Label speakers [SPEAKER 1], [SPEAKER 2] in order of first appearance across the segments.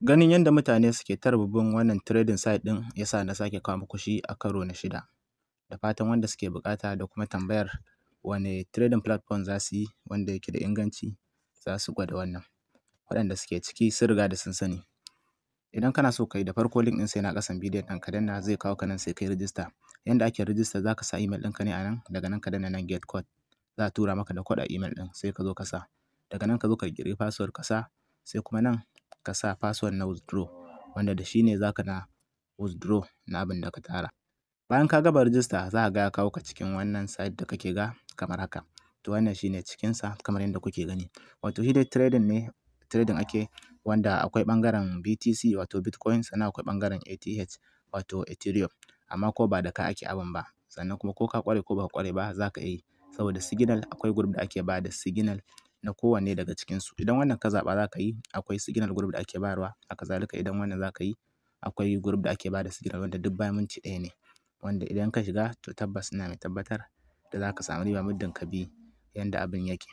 [SPEAKER 1] Ganin yadda mutane suke ta wannan trading site ɗin ya sa na sake kawo muku a karo na shida. Da fatan wanda suke buƙata da kuma tambayar wane trading platform za su yi wanda yake da inganci za su gwada wannan. Waɗanda suke ciki sun riga da sun sani. Idan kana so ka yi da farko link ɗin sai na ƙasan bidiyon ɗin ka danna zai kawo ka nan sai ka yi rijista. Yanda ake rijista za ka sa email ɗinka ne a nan daga nan ka danna nan get code. Za a tura maka da code a email ɗin sai ka zo ka sa. Daga nan ka zo ka ƙirƙiri password ka sa sai kuma nan ka sa password na withdraw wanda da shi ne za ka na withdraw na abin da ka tara. Bayan ka gaba rijista za ka gaya kawo ka cikin wannan site da kake ga kamar haka. To wannan shi ne cikinsa kamar yadda kuke gani. Wato shi dai trading ne trading ake wanda akwai ɓangaren BTC wato Bitcoin sannan akwai ɓangaren ATH wato Ethereum amma ko ba da ka ake abin ba sannan kuma ko ka ƙware ko ba ka ƙware ba za ka iya yi saboda signal akwai group da ake ba da signal na kowanne daga cikinsu idan wannan ka zaɓa za ka yi akwai siginal group da ake bayarwa haka zalika idan wannan za ka yi akwai group da ake da signal wanda duk bayan minti ɗaya ne wanda idan ka shiga to tabbas ina mai tabbatar da za ka samu riba muddin ka bi yanda abin yake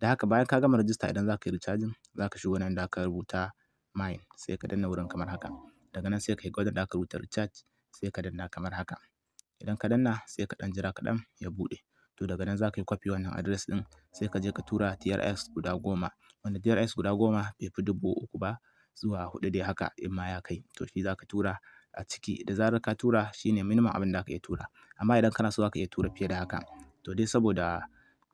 [SPEAKER 1] da haka bayan ka gama rijista idan za ka yi recharging za ka shigo nan da aka rubuta mine sai ka danna wurin kamar haka daga nan sai ka yi gwajin da aka rubuta recharge sai ka danna kamar haka idan ka danna sai ka ɗan jira kaɗan ya buɗe to daga nan za ka yi copy wannan address ɗin sai ka je ka tura TRX guda goma wanda TRX guda goma bai fi dubu uku ba zuwa hudu dai haka in ma ya kai to shi za ka tura a ciki da zarar ka tura shi ne minimum abin da ka iya tura amma idan kana so za ka iya tura fiye da haka to dai saboda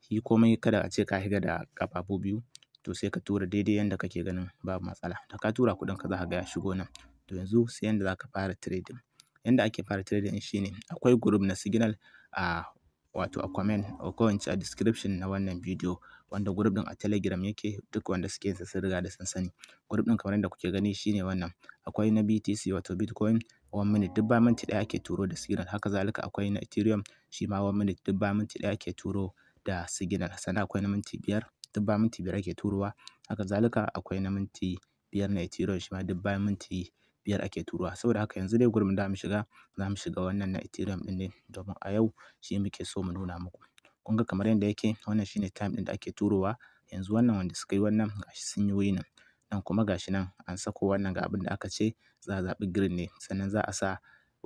[SPEAKER 1] shi komai kada a ce ka shiga da ƙafafu biyu to sai ka tura daidai yanda kake ganin babu matsala da ka tura kuɗin ka za ka ga ya shigo nan to yanzu sai yanda za ka fara trading Yadda ake fara trading shine akwai group na signal a wato a comment ko in ce a description na wannan video wanda group din a telegram yake duk wanda suke yin sun riga da sun sani group din kamar yadda kuke gani shine wannan akwai na BTC wato Bitcoin one minute duk bayan minti ɗaya ake turo da signal haka zalika akwai na Ethereum shi ma one minute duk bayan minti ɗaya ake turo da signal sannan akwai na minti biyar duk bayan minti biyar ake turowa haka zalika akwai na minti biyar na Ethereum shi ma duk bayan minti biyar ake turawa. Saboda haka yanzu dai gurin da mu shiga, za mu shiga wannan na Ethereum ɗin ne domin a yau shi muke so mu nuna muku. Kun ga kamar yadda yake wannan shine time din da ake turowa. Yanzu wannan wanda suka yi wannan gashi sun yi winning. Nan kuma gashi nan an sako wannan ga abin da aka ce za a zaɓi green ne sannan za a sa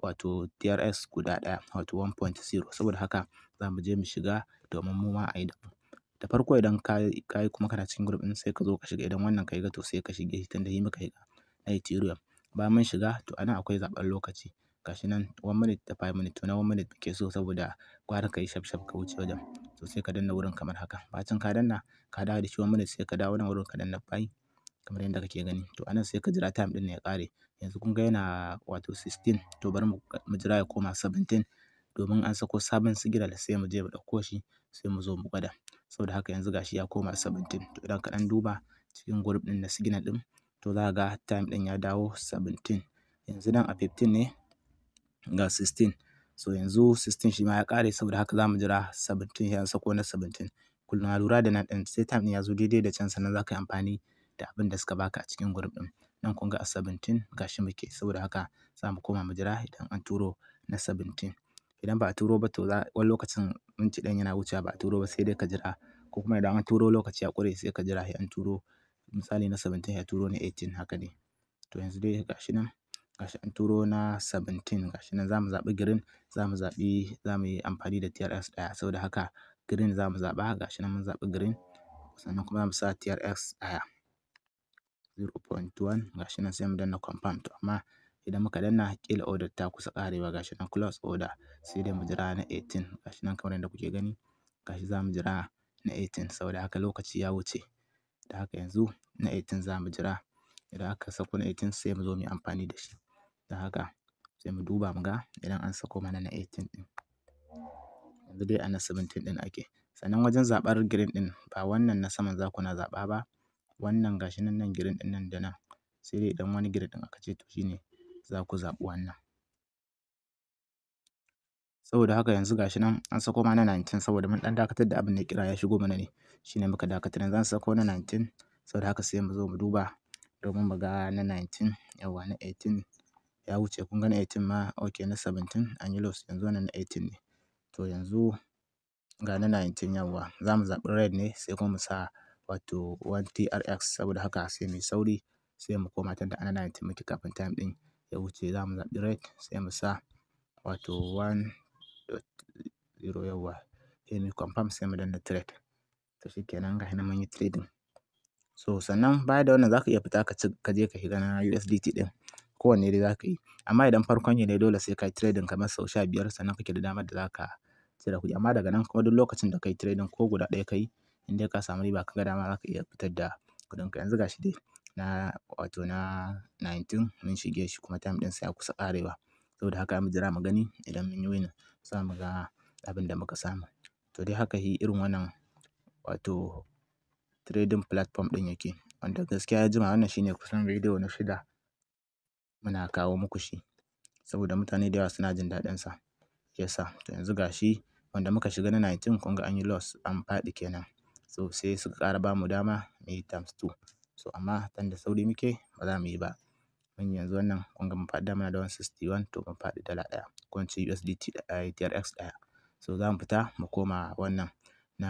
[SPEAKER 1] wato TRS guda ɗaya wato 1.0. Saboda haka za mu je mu shiga domin mu ma a yi da Da farko idan ka yi, kuma kana cikin group sai ka zo ka shiga. Idan wannan ka yi ga to sai ka shige shi tunda shi muka yi na Ethereum. Bayan mun shiga to a nan akwai zaɓen lokaci. Ga shi nan one minute da five minute to na one minute muke so saboda gwara ka yi shaf shaf ka wuce wajen. To sai ka danna wurin kamar haka. Bacin ka danna ka dawo da shi one minute sai ka dawo nan wurin ka danna five kamar yadda kake gani. To a nan sai ka jira time ɗin ya ƙare. Yanzu kun ga yana wato sixteen to bari mu jira ya koma seventeen domin an sako sabon siginal sai mu je mu ɗauko shi sai mu zo mu gwada. Saboda haka yanzu gashi ya koma seventeen. To idan ka ɗan duba cikin group ɗin na siginal ɗin. to za ga time ɗin ya dawo 17. Yanzu nan a 15 ne ga 16. So yanzu 16 shi ma ya ƙare saboda haka za mu jira 17 ya sako na 17. Kullum na lura da nan ɗin sai time ɗin ya zo daidai da can sannan za ka yi amfani da abin da suka baka a cikin group ɗin. Nan kun ga a 17 ga shi muke saboda haka za mu koma mu jira idan an turo na 17. Idan ba a turo ba to za wani lokacin minti ɗin yana wucewa ba a turo ba sai dai ka jira ko kuma idan an turo lokaci ya ƙure sai ka jira sai an turo. misali na 17 ya turo na 18 haka dai to yanzu dai gashi nan gashi an turo na 17 gashi nan zamu zaɓi green zamu zaɓi zamu yi amfani da trs ɗaya saboda haka green zamu zaɓa gashi nan mun zaɓi green sannan kuma mu sa TRX ɗaya 0.1 gashi nan sai mu danna confirm to amma idan muka danna kila order ta kusa karewa gashi nan close order sai dai mu jira na 18 gashi nan kamar yadda kuke gani gashi zamu jira na 18 saboda haka lokaci ya wuce Da haka yanzu na 18 za mu jira. Idan aka sako na 18 sai mu zo mu amfani da shi. Da haka sai mu duba mu ga idan an sako mana na 18 ɗin. Yanzu dai a na 17 ɗin ake. Sannan wajen zaɓar green ɗin ba wannan na saman za ku na zaɓa ba. Wannan gashi nan nan green ɗin nan da nan. Sai dai idan wani green ɗin aka ce to shi ne za ku zaɓi wannan. Saboda haka yanzu gashi nan an sako mana nineteen saboda mun ɗan dakatar da abin da ya ƙira ya shigo mana ne. ne muka dakatar yanzu an sako na 19 saboda haka sai mu zo mu duba domin mu ga na 19 yawa na 18 ya wuce kun ga na 18 ma ok na 17 an yi loss yanzu wannan na 18 ne to yanzu ga na 19 yawa za mu zaɓi red ne sai kuma mu sa wato 1trx saboda haka sai mu sauri sai mu koma ta da ana 19 muke kafin time ɗin ya wuce za mu zaɓi red sai mu sa wato 1.0 yawwa sai mu confirm sai mu danna trade to kenan ga nan mun yi trading so sannan baya da wannan zaka iya fita ka ci ka je ka shiga na USDT ɗin kowanne dai zaka yi amma idan farkon yi ne dole sai ka yi trading kamar sau sha biyar sannan kake da damar da za ka cire kuɗi amma daga nan kuma duk lokacin da ka yi trading ko guda ɗaya ka in dai ka samu riba ka ga dama za iya fitar da kuɗinka yanzu gashi shi dai na wato na 19 mun shige shi kuma time sai ya kusa ƙarewa saboda haka mu jira mu gani idan mun yi winning za mu ga abin da muka samu to dai haka irin wannan wato trading platform ɗin yake. Wanda gaskiya ya jima wannan shine kusan bidiyo na shida muna kawo muku shi saboda mutane da yawa suna jin daɗin daɗinsa yasa To yanzu gashi shi wanda muka shiga na 19 kun ga an yi loss an faɗi kenan. So sai suka ƙara bamu dama mu yi times 2 So amma tan da sauri muke ba za mu yi ba. Mun yanzu wannan kun ga mun faɗi dama muna da 161 to mun faɗi dala ɗaya ko ce USDT eh, TRX ɗaya. So za mu fita mu koma wannan na.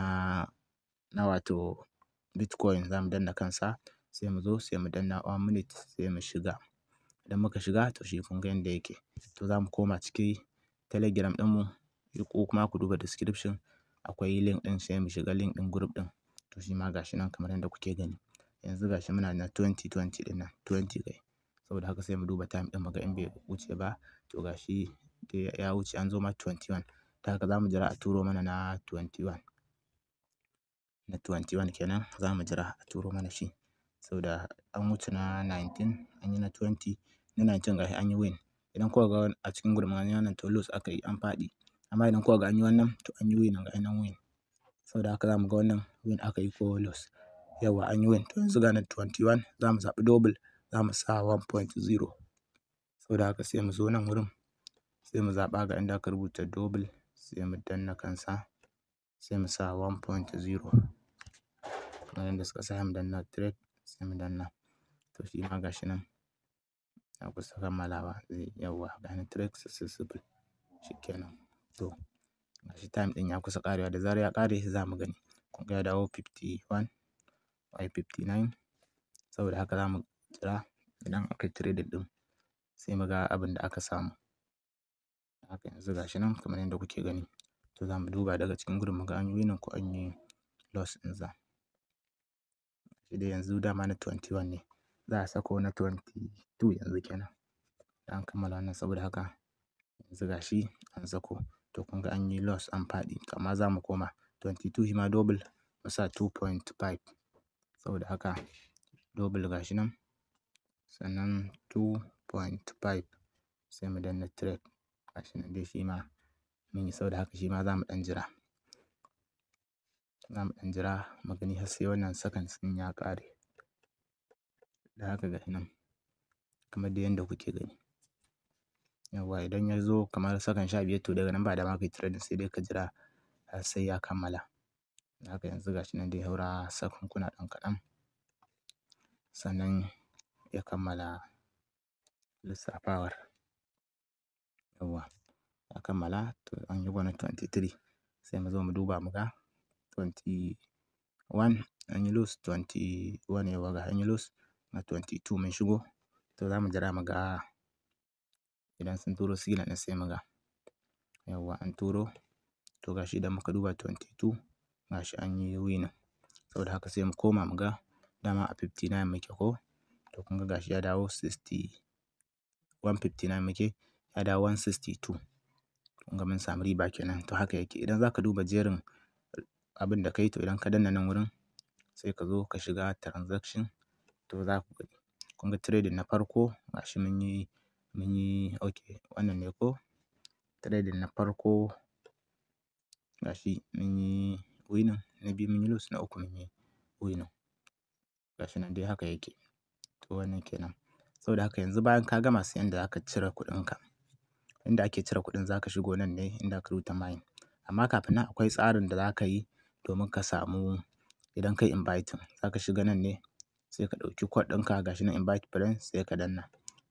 [SPEAKER 1] na wato Bitcoin za mu danna kansa sai mu zo sai mu danna one minute sai mu shiga. Idan muka shiga to shi kun ga yanda yake. To za mu koma ciki Telegram ɗinmu ko kuma ku duba description akwai link ɗin sai mu shiga link ɗin group ɗin. To shi ma gashi nan kamar yadda kuke gani. Yanzu gashi muna na twenty twenty ɗin nan twenty kai. Saboda haka sai mu duba time ɗin mu ga in bai wuce ba to gashi ya wuce an zo ma twenty one. Ta haka za mu jira a turo mana na twenty na 21 kenan za mu jira a turo mana shi. Saboda an wuce na 19 an yi na 20, na 19 gashi an yi win. Idan kuka ga a cikin gurmani wannan to lose aka yi an faɗi. Amma idan kuka ga an yi wannan to an yi win gashi nan win. Saboda haka za mu ga wannan win aka yi ko lose. Yauwa an yi win. To yanzu ga na 21 za mu zaɓi double za mu sa 1.0. Saboda haka sai mu zo nan wurin sai mu zaɓa ga inda aka rubuta double sai mu danna kansa sai mu sa 1.0. kamar yadda suka sa mu danna trade sai mu danna. To shi ma gashi nan. Na kusa kammalawa zai eh, yauwa gani trade successful kenan To gashi time din ya kusa karewa da zarar ya kare za mu gani. Kun ga ya dawo 51 y Saboda haka za mu kira idan aka trade din ɗin sai mu ga abin da aka samu. Haka yanzu gashi nan kamar yadda kuke gani. To za mu duba daga cikin gurin mu ga an yi nan ko an yi loss za sai dai yanzu dama na 21 ne za a sako na 22 yanzu kenan da an kammala wannan saboda haka yanzu ga shi an sako to kun ga an yi loss an faɗi to amma za mu koma 22 shi ma double mu sa 2.5 saboda haka double ga shi nan sannan 2.5 sai mu danna trade ga shi nan dai shi ma mun yi saboda haka shi ma za mu ɗan jira Za mu ɗan jira mu gani har sai wannan seconds ɗin ya ƙare. Da haka ga nan kamar dai yadda kuke gani. Yawwa idan ya zo kamar sakan sha biyar to daga nan ba da ma ka yi trading sai dai ka jira har sai ya kammala. Da haka yanzu ga shi nan dai haura sakunkuna ɗan kaɗan sannan ya kammala lissafawar. Yawwa ya kammala to an yi wannan twenty sai mu zo mu duba mu ga. 21 an yi 21 na 22 mun shigo to jira mu ga idan sun turo sigila ɗin sai mu ga yawa an turo to gashi idan muka duba 22 gashi an yi saboda haka sai mu koma mu ga dama a 59 muke ko to kun ga gashi ya dawo 60 159 muke ya dawo 162 kun ga mun samu riba kenan to haka yake idan zaka duba jerin abin da ka yi to idan ka danna nan wurin sai ka zo ka shiga transaction to za ku gani. Kun ga trading na farko shi mun yi, mun yi ok wannan ne ko? Trading na farko shi mun yi winning, na biyu mun yi loss, na uku mun yi winning. shi nan dai haka yake. To wannan kenan. Saboda haka yanzu bayan ka gama sai inda za ka cire kuɗinka. Inda ake cire kuɗin za ka shigo nan ne inda aka rubuta mine. Amma kafin nan akwai tsarin da za ka yi domin ka samu idan kai inviting za ka shiga nan ne sai ka ɗauki code ɗinka ga shi nan invite friend sai ka danna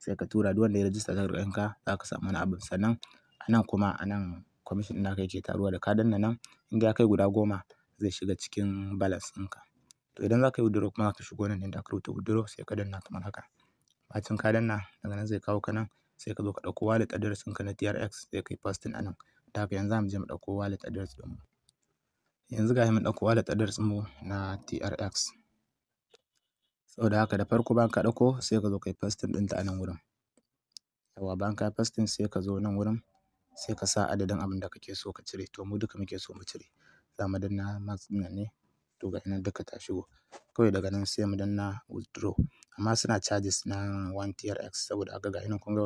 [SPEAKER 1] sai ka tura duk wanda ya register da ɗinka za ka samu wani abu? sannan a nan kuma a nan commission ɗin naka yake taruwa da ka danna nan in ya kai guda goma zai shiga cikin balance ɗinka. To idan za ka yi withdraw kuma za ka shigo nan ne da aka rubuta withdraw sai ka danna kamar haka. Bacin ka danna daga nan zai kawo ka nan sai ka zo ka ɗauko wallet address ɗinka na TRX sai ka yi posting a nan. Ta haka yanzu za mu je mu ɗauko wallet address ɗinmu. yanzu ga mun ɗauko wallet address mu na TRX saboda haka da farko bayan ka ɗauko sai ka zo kai pasting ɗinta a nan wurin yawa bayan ka pasting sai ka zo nan wurin sai ka sa adadin abin da kake so ka cire to mu duka muke so mu cire za mu danna max ɗin ne to ga nan duka ta shigo kawai daga nan sai mu danna withdraw amma suna charges na 1 TRX saboda haka ga nan kun ga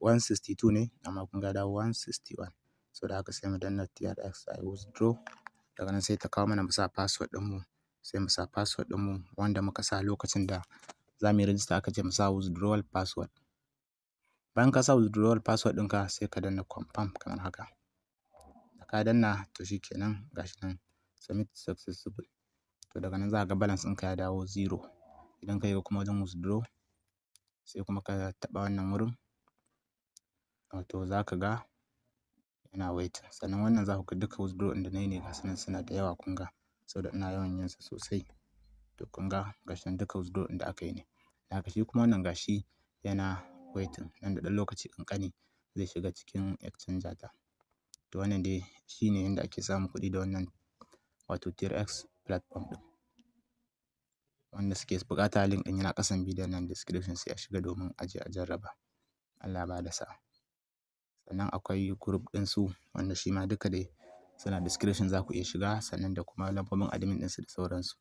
[SPEAKER 1] 162 ne amma kun ga da 161 saboda haka sai mu danna TRX a withdraw daga nan sai ta kawo mana mu sa password mu sai mu sa password mu wanda muka sa lokacin da za mu yi rijista aka ce mu sa withdrawal password bayan ka sa withdrawal password ɗinka sai ka danna confirm kamar haka da ka danna to shikenan gashi nan submit successful to daga nan za ka ga balance ɗinka ya dawo zero idan ka yi kuma wajen withdraw sai kuma ka taɓa wannan wurin wato za ka ga yana waiting sannan wannan za ku ga duka withdraw ɗin da na yi ne gasu nan suna da yawa kunga ga saboda ina yawan yin sa sosai to kun ga gashi nan duka withdraw ɗin da aka yi ne da haka shi kuma wannan gashi yana waiting nan da ɗan lokaci ƙanƙani zai shiga cikin exchanger ta to wannan dai shine yadda ake samun kuɗi da wannan wato TRX platform ɗin wanda suke buƙata link ɗin yana ƙasan bidiyon nan description sai a shiga domin ajiye a jarraba Allah ba da sa'a Sannan akwai group su wanda shi ma duka dai suna description za ku iya shiga sannan da kuma lambobin admin ɗinsu da sauransu.